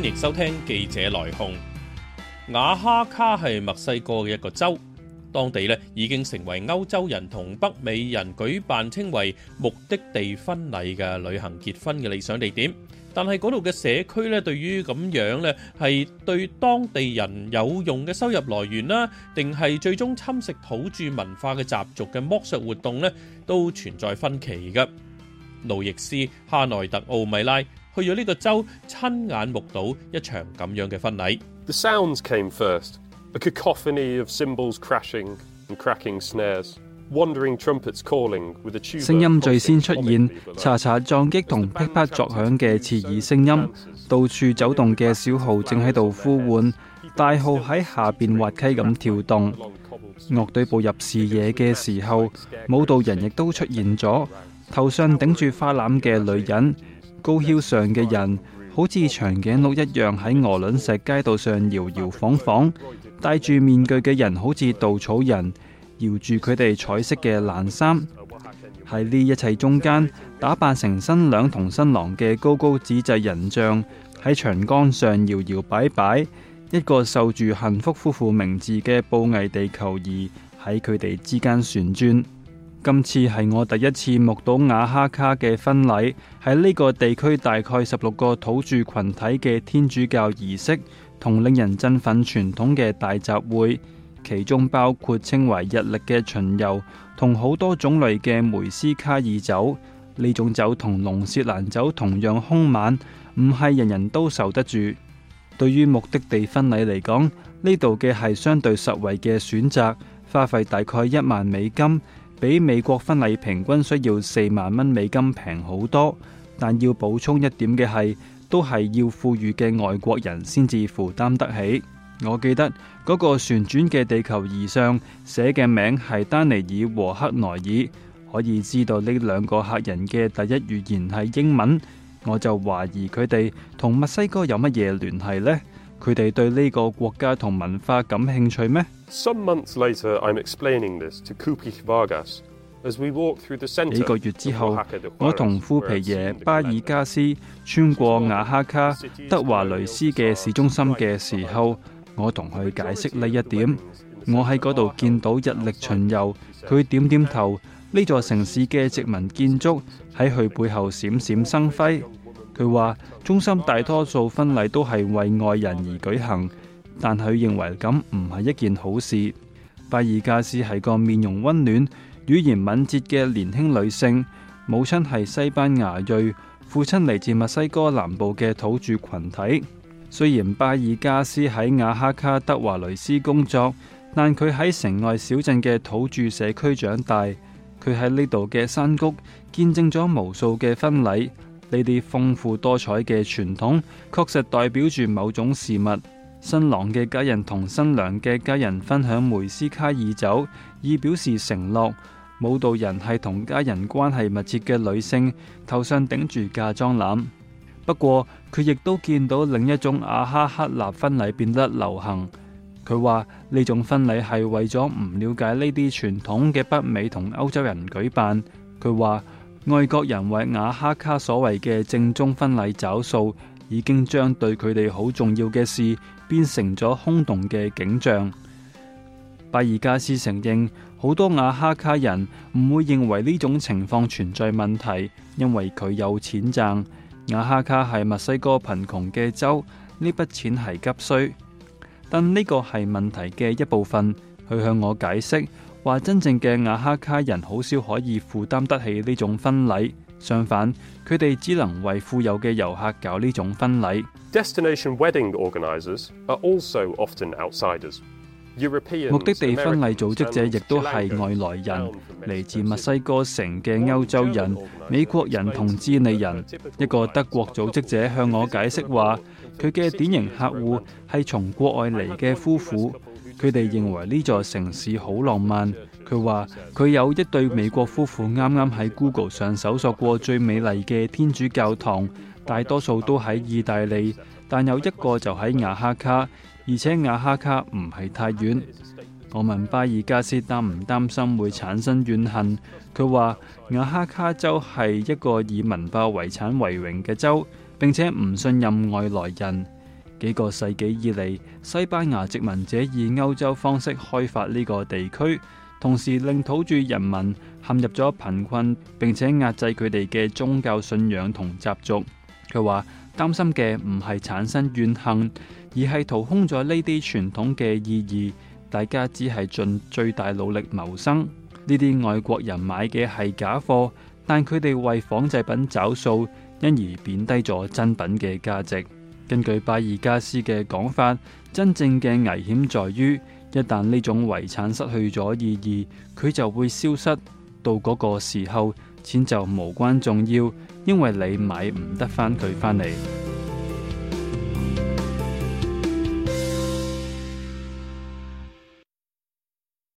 歡迎收聽記者來鴻。瓦哈卡係墨西哥嘅一個州，當地呢已經成為歐洲人同北美人舉辦稱為目的地婚禮嘅旅行結婚嘅理想地點。但係嗰度嘅社區呢，對於咁樣呢係對當地人有用嘅收入來源啦，定係最終侵蝕土著文化嘅習俗嘅剝削活動呢，都存在分歧㗎。路易斯·哈內特·奧米拉。去咗呢個州，親眼目睹一場咁樣嘅婚禮。聲音最先出現，查查撞擊同噼啪啪作響嘅刺耳聲音，到處走動嘅小號正喺度呼喚，大號喺下邊滑稽咁跳動。樂隊步入視野嘅時候，舞蹈人亦都出現咗，頭上頂住花籃嘅女人。高蹺上嘅人好似長頸鹿一樣喺鵝卵石街道上搖搖晃晃，戴住面具嘅人好似稻草人搖住佢哋彩色嘅爛衫。喺呢一切中間，打扮成新娘同新郎嘅高高紙製人像喺長杆上搖搖擺擺，一個受住幸福夫婦名字嘅布藝地球儀喺佢哋之間旋轉。今次係我第一次目睹瓦哈卡嘅婚禮，喺呢個地區大概十六個土著群體嘅天主教儀式同令人振奮傳統嘅大集會，其中包括稱為日曆嘅巡遊，同好多種類嘅梅斯卡爾酒。呢種酒同龍舌蘭酒同樣兇猛，唔係人人都受得住。對於目的地婚禮嚟講，呢度嘅係相對實惠嘅選擇，花費大概一萬美金。比美國婚禮平均需要四萬蚊美金平好多，但要補充一點嘅係，都係要富裕嘅外國人先至負擔得起。我記得嗰、那個旋轉嘅地球儀上寫嘅名係丹尼爾和克萊爾，可以知道呢兩個客人嘅第一語言係英文，我就懷疑佢哋同墨西哥有乜嘢聯繫呢？佢哋對呢個國家同文化感興趣咩？幾個月之後，我同夫皮耶巴爾加斯穿過瓦哈卡德華雷斯嘅市中心嘅時候，我同佢解釋呢一點。我喺嗰度見到日曆巡遊，佢點點頭。呢座城市嘅殖民建築喺佢背後閃閃生輝。佢話中心大多數婚禮都係為外人而舉行，但佢認為咁唔係一件好事。巴爾加斯係個面容溫暖、語言敏捷嘅年輕女性，母親係西班牙裔，父親嚟自墨西哥南部嘅土著群體。雖然巴爾加斯喺瓦哈卡德華雷斯工作，但佢喺城外小鎮嘅土著社區長大。佢喺呢度嘅山谷見證咗無數嘅婚禮。呢啲豐富多彩嘅傳統確實代表住某種事物。新郎嘅家人同新娘嘅家人分享梅斯卡爾酒，以表示承諾。舞蹈人係同家人關係密切嘅女性，頭上頂住嫁妝籃。不過，佢亦都見到另一種阿哈克納婚禮變得流行。佢話，呢種婚禮係為咗唔了解呢啲傳統嘅北美同歐洲人舉辦。佢話。外國人為瓦哈卡所謂嘅正宗婚禮找數，已經將對佢哋好重要嘅事，變成咗空洞嘅景象。巴爾加斯承認，好多瓦哈卡人唔會認為呢種情況存在問題，因為佢有錢賺。瓦哈卡係墨西哥貧窮嘅州，呢筆錢係急需，但呢個係問題嘅一部分。佢向我解釋。話真正嘅瓦哈卡人好少可以負擔得起呢種婚禮，相反，佢哋只能為富有嘅遊客搞呢種婚禮。目的地婚禮組織者亦都係外來人，嚟自墨西哥城嘅歐洲人、美國人同智利人。一個德國組織者向我解釋話，佢嘅典型客戶係從國外嚟嘅夫婦。佢哋認為呢座城市好浪漫。佢話佢有一對美國夫婦啱啱喺 Google 上搜索過最美麗嘅天主教堂，大多數都喺意大利，但有一個就喺瓦哈卡，而且瓦哈卡唔係太遠。我問巴爾加斯擔唔擔心會產生怨恨，佢話瓦哈卡州係一個以文化遺產為榮嘅州，並且唔信任外來人。幾個世紀以嚟，西班牙殖民者以歐洲方式開發呢個地區，同時令土著人民陷入咗貧困，並且壓制佢哋嘅宗教信仰同習俗。佢話擔心嘅唔係產生怨恨，而係掏空咗呢啲傳統嘅意義。大家只係盡最大努力謀生。呢啲外國人買嘅係假貨，但佢哋為仿製品找數，因而貶低咗真品嘅價值。根據巴爾加斯嘅講法，真正嘅危險在於，一旦呢種遺產失去咗意義，佢就會消失。到嗰個時候，錢就無關重要，因為你買唔得返佢返嚟。